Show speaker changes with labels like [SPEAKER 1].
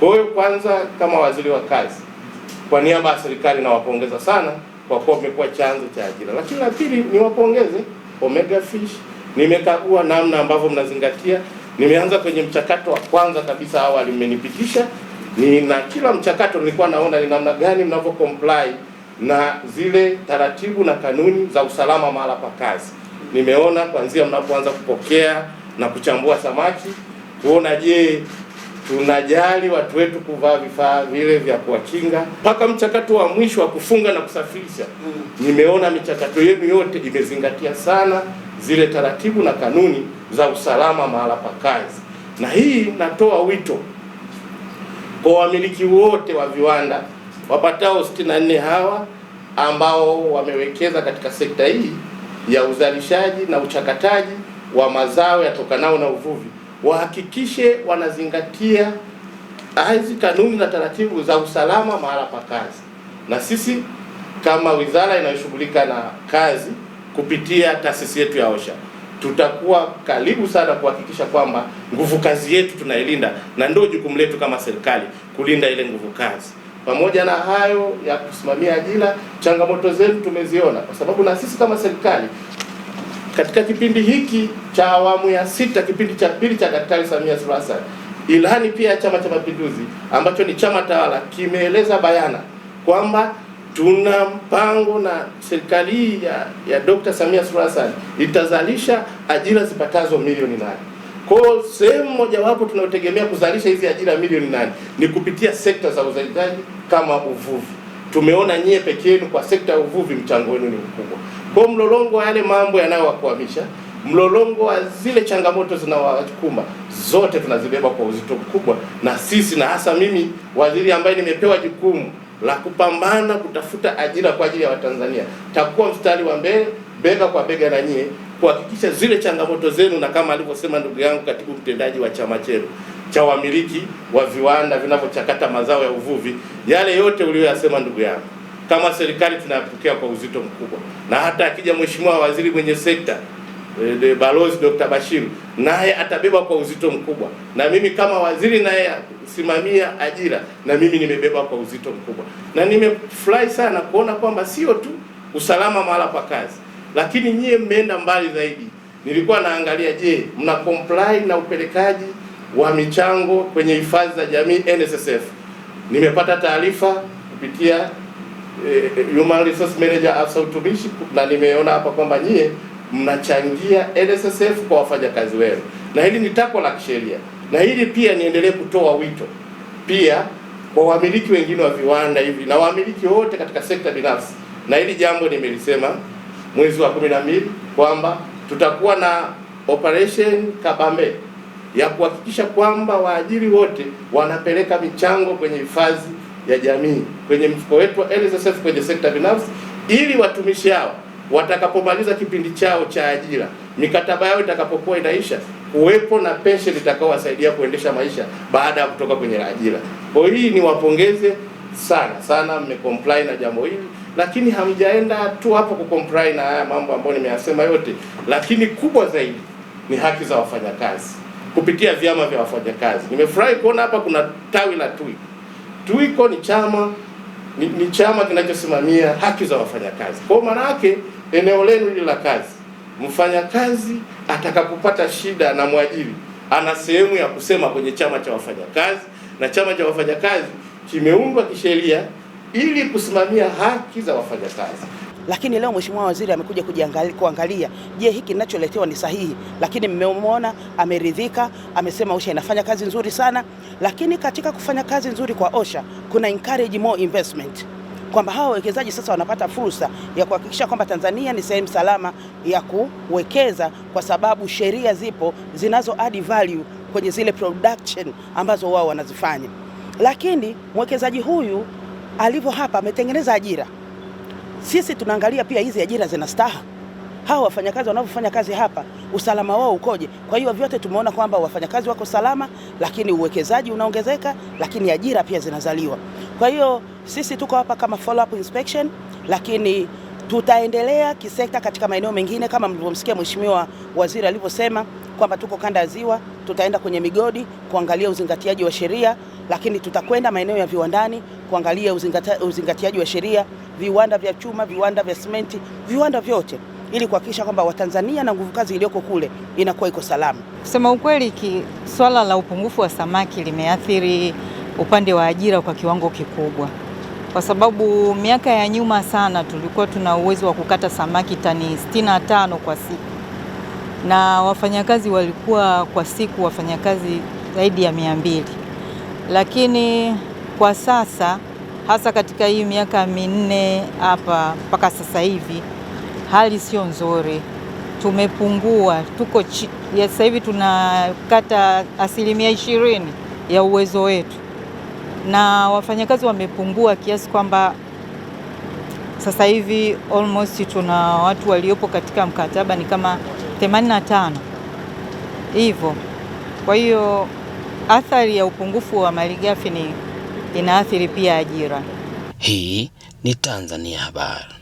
[SPEAKER 1] Kwa hiyo kwanza, kama waziri wa kazi, kwa niaba ya serikali nawapongeza sana kwa kuwa mmekuwa chanzo cha ajira, lakini la pili niwapongeze Omega Fish. Nimekagua namna ambavyo mnazingatia, nimeanza kwenye mchakato wa kwanza kabisa, awali mmenipitisha nina kila mchakato nilikuwa naona ni namna gani mnavyo comply na zile taratibu na kanuni za usalama mahala pa kazi. Nimeona kuanzia mnapoanza kupokea na kuchambua samaki kuona je tunajali watu wetu kuvaa vifaa vile vya kuwakinga mpaka mchakato wa mwisho wa kufunga na kusafirisha. Mm. Nimeona michakato yenu yote imezingatia sana zile taratibu na kanuni za usalama mahala pa kazi, na hii natoa wito kwa wamiliki wote wa viwanda wapatao 64 hawa ambao wamewekeza katika sekta hii ya uzalishaji na uchakataji wa mazao yatokanao na uvuvi wahakikishe wanazingatia hizi kanuni na taratibu za usalama mahala pa kazi, na sisi kama wizara inayoshughulika na kazi kupitia taasisi yetu ya OSHA tutakuwa karibu sana kuhakikisha kwamba nguvu kazi yetu tunailinda, na ndio jukumu letu kama serikali kulinda ile nguvu kazi. Pamoja na hayo ya kusimamia ajira, changamoto zetu tumeziona, kwa sababu na sisi kama serikali katika kipindi hiki cha awamu ya sita, kipindi cha pili cha Daktari Samia Suluhu Hassan, ilani pia ya Chama cha Mapinduzi ambacho ni chama tawala kimeeleza bayana kwamba tuna mpango na serikali hii ya, ya Dr. Samia Suluhu Hassan itazalisha ajira zipatazo milioni nane. Kwa sehemu mojawapo tunayotegemea kuzalisha hizi ajira milioni nane ni kupitia sekta za uzalishaji kama uvuvi. Tumeona nyie peke yenu kwa sekta ya uvuvi mchango wenu ni mkubwa. Kwa mlolongo wa yale mambo yanayowakwamisha, mlolongo wa zile changamoto zinawakuma zote tunazibeba kwa uzito mkubwa, na sisi na hasa mimi waziri ambaye nimepewa jukumu la kupambana kutafuta ajira kwa ajili ya Watanzania, takuwa mstari wa mbele bega kwa bega na nyie kuhakikisha zile changamoto zenu, na kama alivyosema ndugu yangu katibu mtendaji wa chama chenu cha wamiliki wa viwanda vinavyochakata mazao ya uvuvi, yale yote uliyoyasema ndugu yangu kama serikali tunayapokea kwa uzito mkubwa, na hata akija mheshimiwa waziri mwenye sekta e, Balozi Dr. Bashiru naye atabeba kwa uzito mkubwa, na mimi kama waziri naye simamia ajira, na mimi nimebeba kwa uzito mkubwa, na nimefurahi sana kuona kwamba sio tu usalama mahala pa kazi, lakini nyie mmeenda mbali zaidi. Nilikuwa naangalia, je, mna comply na upelekaji wa michango kwenye hifadhi za jamii NSSF? Nimepata taarifa kupitia Eh, human resource manager afisa utumishi, na nimeona hapa kwamba nyie mnachangia NSSF kwa wafanyakazi wenu, na hili ni takwa la kisheria, na hili pia niendelee kutoa wito pia kwa wamiliki wengine wa viwanda hivi na wamiliki wote katika sekta binafsi, na hili jambo nimelisema mwezi wa kumi na mbili kwamba tutakuwa na operation kabambe ya kuhakikisha kwamba waajiri wote wanapeleka michango kwenye hifadhi ya jamii kwenye mfuko wetu wa NSSF kwenye sekta binafsi, ili watumishi hao watakapomaliza kipindi chao cha ajira, mikataba yao itakapokuwa inaisha, kuwepo na pensheni itakaowasaidia kuendesha maisha baada ya kutoka kwenye ajira. Kwa hii ni wapongeze sana sana, mmecomply na jambo hili, lakini hamjaenda tu hapo kucomply na haya mambo ambayo nimeyasema yote, lakini kubwa zaidi ni haki za wafanyakazi kupitia vyama vya wafanyakazi. Nimefurahi kuona hapa kuna tawi la TUI tuiko ni chama ni, ni chama kinachosimamia haki za wafanyakazi. Kwa maana yake eneo lenu hili la kazi, mfanyakazi atakapopata shida na mwajiri, ana sehemu ya kusema kwenye chama cha wafanyakazi, na chama cha wafanyakazi kimeundwa kisheria ili kusimamia haki za wafanyakazi.
[SPEAKER 2] Lakini leo mheshimiwa waziri amekuja kuangalia, je, hiki ninacholetewa ni sahihi? Lakini mmemwona ameridhika, amesema OSHA inafanya kazi nzuri sana. Lakini katika kufanya kazi nzuri kwa OSHA kuna encourage more investment kwamba hawa wawekezaji sasa wanapata fursa ya kuhakikisha kwamba Tanzania ni sehemu salama ya kuwekeza, kwa sababu sheria zipo zinazo add value kwenye zile production ambazo wao wanazifanya. Lakini mwekezaji huyu alivyo hapa ametengeneza ajira sisi tunaangalia pia hizi ajira zina staha hawa wafanyakazi wanavyofanya kazi hapa, usalama wao ukoje? Kwa hiyo vyote tumeona kwamba wafanyakazi wako salama, lakini uwekezaji unaongezeka, lakini ajira pia zinazaliwa. Kwa hiyo sisi tuko hapa kama follow up inspection, lakini tutaendelea kisekta katika maeneo mengine kama mlivyomsikia mheshimiwa waziri alivyosema, kwamba tuko kanda ya Ziwa, tutaenda kwenye migodi kuangalia uzingatiaji wa sheria, lakini tutakwenda maeneo ya viwandani kuangalia uzingata, uzingatiaji wa sheria, viwanda vya chuma, viwanda vya simenti, viwanda vyote ili kuhakikisha kwamba Watanzania na nguvu kazi iliyoko kule inakuwa iko salama.
[SPEAKER 3] Kusema ukweli, swala la upungufu wa samaki limeathiri upande wa ajira kwa kiwango kikubwa, kwa sababu miaka ya nyuma sana tulikuwa tuna uwezo wa kukata samaki tani 65 kwa siku na wafanyakazi walikuwa kwa siku wafanyakazi zaidi ya mia mbili, lakini kwa sasa hasa katika hii miaka minne hapa mpaka sasa hivi hali sio nzuri, tumepungua. Tuko sasa hivi tunakata asilimia ishirini ya uwezo wetu, na wafanyakazi wamepungua kiasi kwamba sasa hivi almost tuna watu waliopo katika mkataba ni kama 85 hivyo. Kwa hiyo athari ya upungufu wa malighafi ni inaathiri pia ajira. Hii ni Tanzania Habari.